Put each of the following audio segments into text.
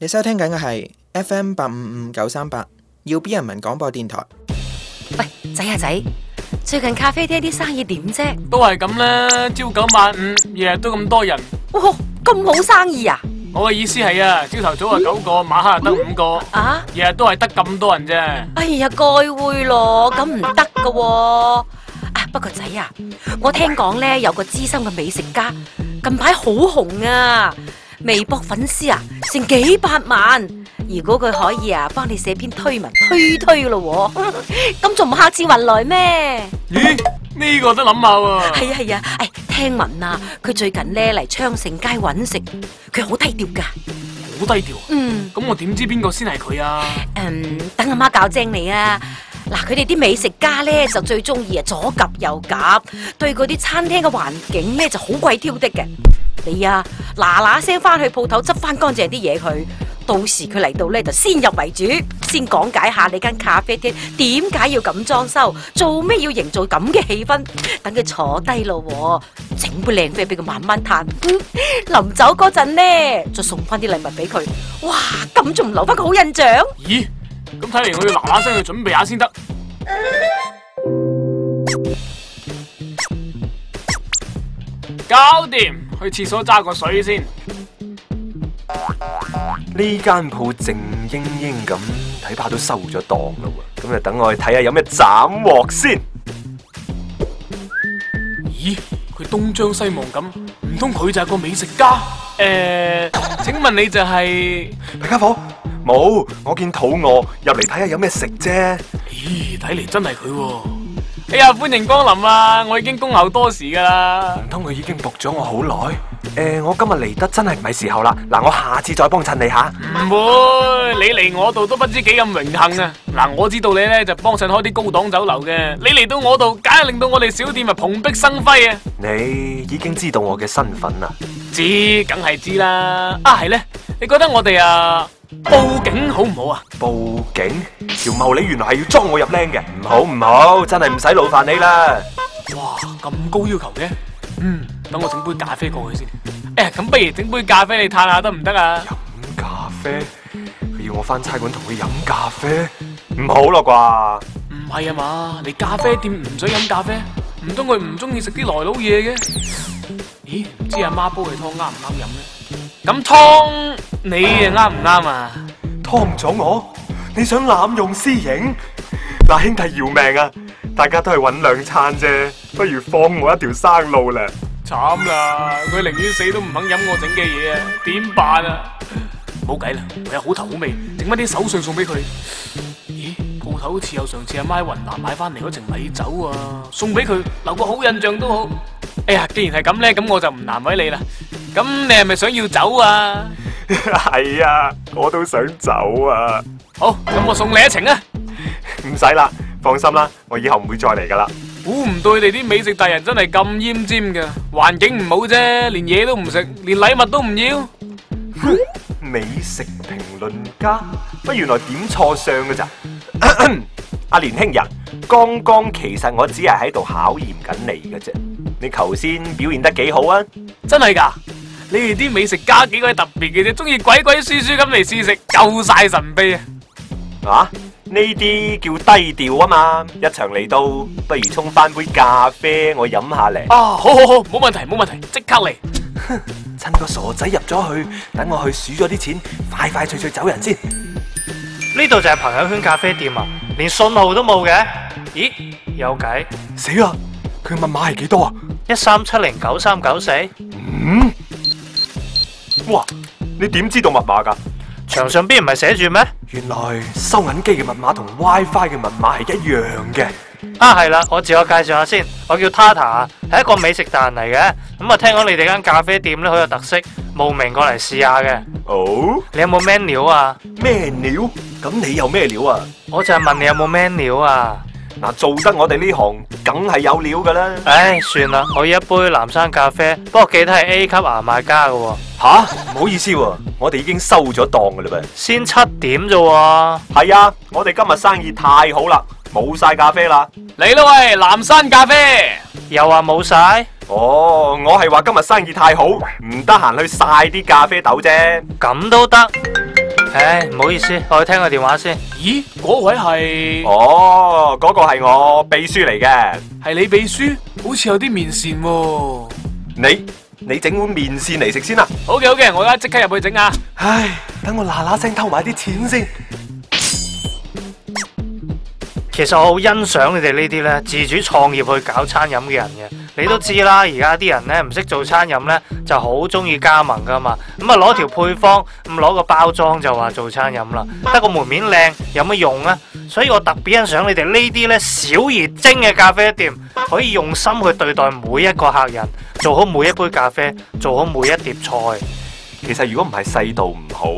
你收聽緊嘅係 FM 八五五九三八要 B 人民廣播電台。喂，仔啊仔，最近咖啡店啲生意點啫？都係咁啦，朝九晚五，日日都咁多人。咁，哦，好生意啊！我嘅意思係啊，朝頭早啊九個，晚黑啊得五個啊，日日都係得咁多人啫。哎呀，該會咯，咁唔得噶。啊，不過仔啊，我聽講咧有個資深嘅美食家近排好紅啊。微博粉絲啊，成幾百萬。如果佢可以啊，幫你寫篇推文推推咯、啊，咁仲唔下次運來咩？咦，呢、這個都諗下喎。係啊係啊，誒、啊哎，聽聞啊，佢最近咧嚟昌盛街揾食，佢好低調噶，好低調、啊。嗯，咁我點知邊個先係佢啊？嗯，等阿媽教精你啊。嗱，佢哋啲美食家咧就最中意啊，左夾右夾，對嗰啲餐廳嘅環境咧就好鬼挑剔嘅。你啊，嗱嗱聲翻去鋪頭執翻乾淨啲嘢去，到時佢嚟到咧就先入為主，先講解下你間咖啡廳點解要咁裝修，做咩要營造咁嘅氣氛，等佢坐低咯，整杯靚啡俾佢慢慢嘆。臨 走嗰陣咧，就送翻啲禮物俾佢。哇，咁仲唔留翻個好印象？咦？咁睇嚟，我要嗱嗱聲去準備下先得。搞掂，去廁所揸個水先。呢間鋪靜英英咁，睇怕都收咗檔啦。咁就等我去睇下有咩斬獲先。咦？佢東張西望咁，唔通佢就係個美食家？誒、呃，請問你就係、是、大家伙？冇，我見肚餓入嚟睇下有咩食啫。咦，睇嚟真係佢。哎呀，歡迎光臨啊！我已經恭候多時㗎啦。唔通佢已經獨咗我好耐誒？我今日嚟得真係唔係時候啦。嗱，我下次再幫襯你吓，唔會！你嚟我度都不知幾咁榮幸啊。嗱，我知道你咧就幫襯開啲高檔酒樓嘅，你嚟到我度，梗係令到我哋小店啊蓬蓽生輝啊。你已經知道我嘅身份啦？知，梗係知啦。啊，係咧，你覺得我哋啊？報警好唔好啊？報警？條茂，你原來係要裝我入僆嘅？唔好唔好，真係唔使勞煩你啦。哇，咁高要求嘅？嗯，等我整杯咖啡過去先。誒、哎，咁不如整杯咖啡你嘆下得唔得啊？飲咖啡？佢要我翻差館同佢飲咖啡？唔好咯啩？唔係啊嘛，你咖啡店唔想飲咖啡，唔通佢唔中意食啲嚟老嘢嘅？咦，唔知阿媽煲嘅湯啱唔啱飲咧？咁湯。合你啱唔啱啊？湯總，我你想濫用私刑？嗱，兄弟饒命啊！大家都係搵兩餐啫，不如放我一條生路啦！慘啦，佢寧願死都唔肯飲我整嘅嘢啊！點辦啊？冇計啦，我有好頭好味，整翻啲手信送俾佢。咦？鋪頭好似有上次阿媽喺雲南買翻嚟嗰瓶米酒啊，送俾佢留個好印象都好。哎呀，既然係咁咧，咁我就唔難為你啦。咁你係咪想要酒啊？係 啊，我都想走啊。好，咁我送你一程啊。唔使啦，放心啦，我以後唔會再嚟噶啦。估唔到你哋啲美食大人真係咁奄尖噶，環境唔好啫，連嘢都唔食，連禮物都唔要。 美食評論家，乜原來點錯相噶咋？阿咳咳咳咳、啊、年輕人，剛剛其實我只係喺度考驗緊你噶啫。你頭先表現得幾好啊？真係噶。你哋啲美食家幾鬼特別嘅啫，中意鬼鬼祟祟咁嚟試食，夠晒神秘啊！啊，呢啲叫低調啊嘛，一場嚟到，不如沖翻杯咖啡，我飲下嚟。啊，好好好，冇問題冇問題，即刻嚟。哼，趁個傻仔入咗去，等我去數咗啲錢，快快脆脆走人先。呢度就係朋友圈咖啡店啊，連信號都冇嘅。咦，有計？死啦！佢密碼係幾多啊？一三七零九三九四。嗯？哇！你點知道密碼噶？牆上邊唔係寫住咩？原來收銀機嘅密碼同 WiFi 嘅密碼係一樣嘅。啊係啦，我自我介紹下先，我叫 Tata，係一個美食達人嚟嘅。咁啊，聽講你哋間咖啡店咧好有特色，慕名過嚟試下嘅。哦，你有冇 menu 啊？咩料？咁你有咩料啊？我就係問你有冇 menu 啊？嗱，做得我哋呢行梗係有料噶啦。唉，算啦，我要一杯藍山咖啡，不過記得係 A 級牙買加噶。吓，唔好意思喎，我哋已經收咗檔噶啦。先七點啫喎。係啊，我哋今日生意太好啦，冇晒咖啡啦。嚟啦喂，南山咖啡，又話冇晒？哦，我係話今日生意太好，唔得閒去曬啲咖啡豆啫。咁都得。唉，唔好意思，我去聽個電話先。咦，嗰位係？哦，嗰個係我秘書嚟嘅，係你秘書？好似有啲面善喎。你。你整碗麵線嚟食先啦。好嘅，好嘅，我而家即刻入去整啊。唉，等我嗱嗱聲偷埋啲錢先。其實我好欣賞你哋呢啲自主創業去搞餐飲嘅人嘅。你都知啦，而家啲人咧，唔識做餐飲咧，就好中意加盟噶嘛。咁啊攞條配方，咁攞個包裝就話做餐飲啦。得個門面靚有乜用啊？所以我特別欣賞你哋呢啲咧，小而精嘅咖啡店，可以用心去對待每一個客人，做好每一杯咖啡，做好每一碟菜。其實如果唔係世道唔好，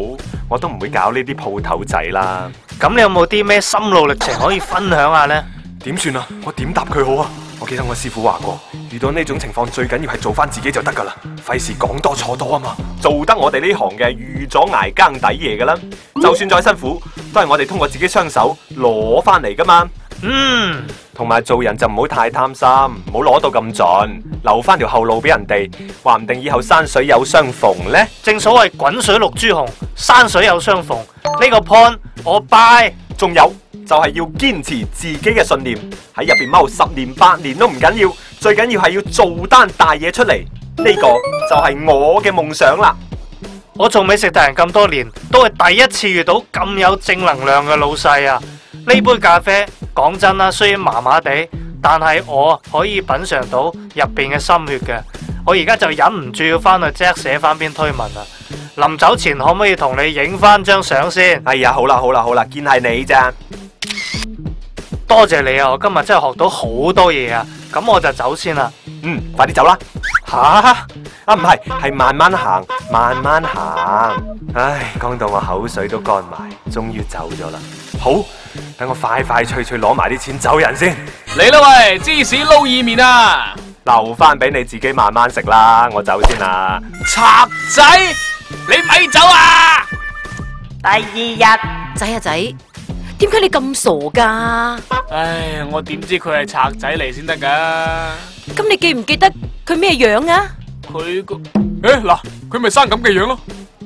我都唔會搞呢啲鋪頭仔啦。咁你有冇啲咩心路歷程可以分享下呢？點算啊？我點答佢好啊？我記得我師傅話過，遇到呢種情況最緊要係做翻自己就得噶啦，費事講多錯多啊嘛。做得我哋呢行嘅，預咗挨更抵夜㗎啦，就算再辛苦，都係我哋通過自己雙手攞翻嚟噶嘛。嗯，同埋做人就唔好太貪心，唔好攞到咁盡，留翻條後路俾人哋，話唔定以後山水有相逢呢？正所謂滾水淥豬紅，山水有相逢。呢個 point 我 buy，仲有。就係要堅持自己嘅信念，喺入邊踎十年八年都唔緊要，最緊要係要做單大嘢出嚟。呢個就係我嘅夢想啦！我做美食達人咁多年，都係第一次遇到咁有正能量嘅老細啊！呢杯咖啡講真啦，雖然麻麻地，但係我可以品嘗到入邊嘅心血嘅。我而家就忍唔住要翻去即刻寫翻篇推文啦！臨走前可唔可以同你影翻張相先？哎呀，好啦好啦好啦，見係你咋？多謝你啊！我今日真係學到好多嘢啊！咁我就走先啦。嗯，快啲走啦！吓啊，唔係，係慢慢行，慢慢行。唉，講到我口水都乾埋，終於走咗啦。好，等我快快脆脆攞埋啲錢走人先。嚟啦喂，芝士撈意麵啊！留翻俾你自己慢慢食啦，我走先啦。賊仔，你咪走啊！第二日仔啊仔。點解你咁傻噶？唉，我點知佢係賊仔嚟先得噶？咁你記唔記得佢咩樣啊？佢個誒嗱，佢咪生咁嘅樣咯。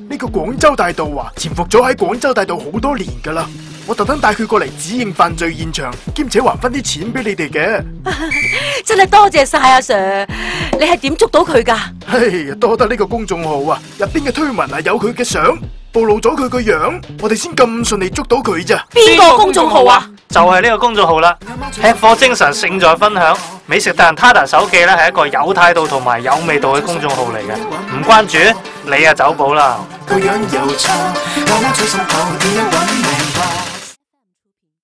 呢個廣州大道啊，潛伏咗喺廣州大道好多年噶啦。我特登帶佢過嚟指認犯罪現場，兼且還翻啲錢俾你哋嘅。 真係多謝晒阿 Sir，你係點捉到佢噶？嘿、hey，多得呢個公眾號啊，入邊嘅推文啊有佢嘅相，暴露咗佢個樣，我哋先咁順利捉到佢咋？邊個公眾號、啊、號啊？就係、是、呢個公眾號啦，吃貨精神勝在分享，的媽媽的美食達人 Tata 手記咧係一個有態度同埋有味道嘅公眾號嚟嘅，唔關注你啊走寶啦！